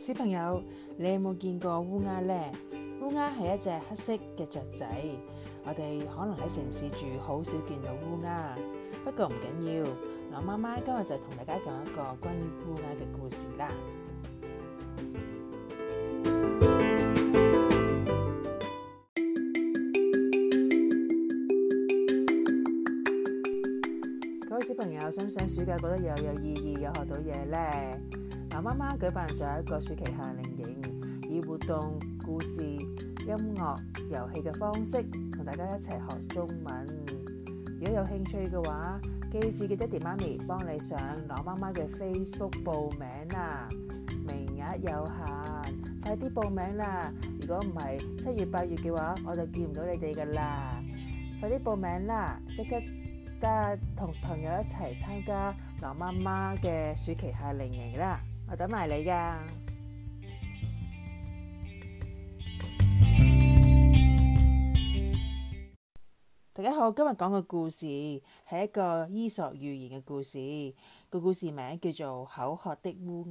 小朋友，你有冇見過烏鴉呢？烏鴉係一隻黑色嘅雀仔。我哋可能喺城市住，好少見到烏鴉。不過唔緊要，我媽媽今日就同大家講一個關於烏鴉嘅故事啦。各位小朋友，想唔想暑假過得又有意義又學到嘢呢？牛媽媽舉辦咗一個暑期夏令營，以活動、故事、音樂、遊戲嘅方式同大家一齊學中文。如果有興趣嘅話，記住記得爹哋媽咪幫你上牛媽媽嘅 Facebook 報名啦，名額有限，快啲報名啦！如果唔係七月八月嘅話，我就見唔到你哋㗎啦，快啲報名啦！即刻加同朋友一齊參加牛媽媽嘅暑期夏令營啦！我等埋你噶。大家好，今日講嘅故事係一個伊索寓言嘅故事。個故事，故事名叫做《口渴的烏鴉》。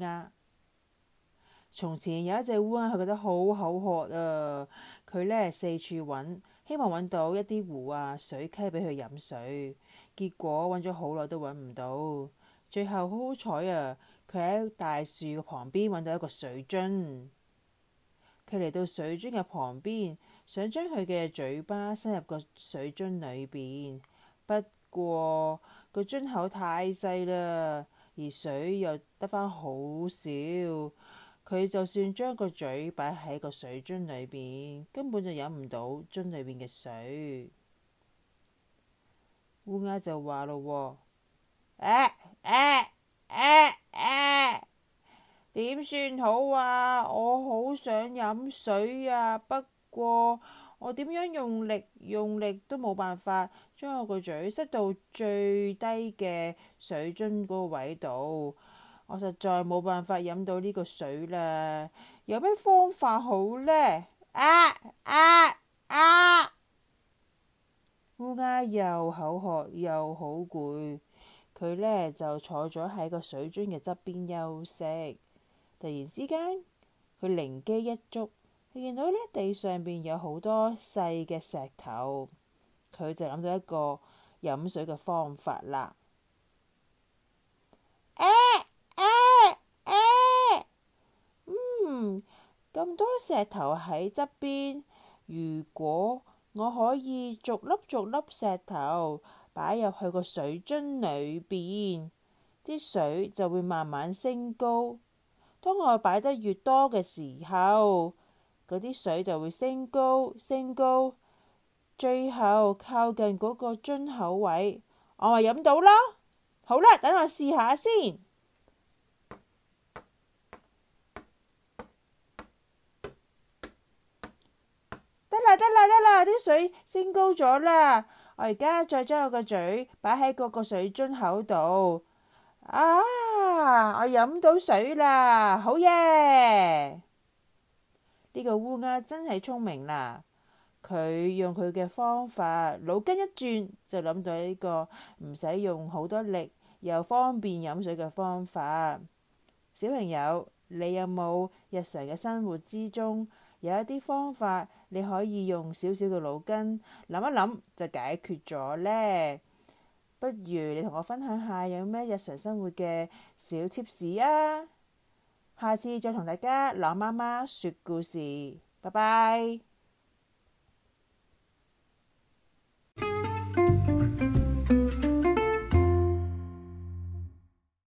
從前有一隻烏鴉，佢覺得好口渴啊！佢呢，四處揾，希望揾到一啲湖啊、水溪俾佢飲水。結果揾咗好耐都揾唔到，最後好好彩啊！佢喺大樹嘅旁邊揾到一個水樽，佢嚟到水樽嘅旁邊，想將佢嘅嘴巴伸入個水樽裏邊。不過個樽口太細啦，而水又得返好少，佢就算將個嘴擺喺個水樽裏邊，根本就飲唔到樽裏面嘅水。烏鴉就話咯，哦，誒，啊！點算好啊！我好想飲水啊，不過我點樣用力用力都冇辦法將我個嘴塞到最低嘅水樽嗰個位度，我實在冇辦法飲到呢個水啦。有咩方法好呢？啊啊啊！烏鴉又口渴又好攰，佢呢就坐咗喺個水樽嘅側邊休息。突然之間，佢靈機一觸，佢見到呢地上面有好多細嘅石頭，佢就諗到一個飲水嘅方法啦。啊啊啊、嗯、咁多石頭喺側邊，如果我可以逐粒逐粒石頭擺入去個水樽裏邊，啲水就會慢慢升高。當我擺得越多嘅時候，嗰啲水就會升高，升高，最後靠近嗰個樽口位，我話飲到啦。好啦，等我試下先。得啦，得啦，得啦，啲水升高咗啦。我而家再將我個嘴擺喺嗰個水樽口度啊！我飲到水啦，好耶！呢個烏鴉真係聰明啦，佢用佢嘅方法，腦筋一轉就諗到呢個唔使用好多力又方便飲水嘅方法。小朋友，你有冇日常嘅生活之中有一啲方法，你可以用少少嘅腦筋諗一諗就解決咗呢？不如你同我分享下有咩日常生活嘅小 tips 啊！下次再同大家攞媽媽說故事，拜拜。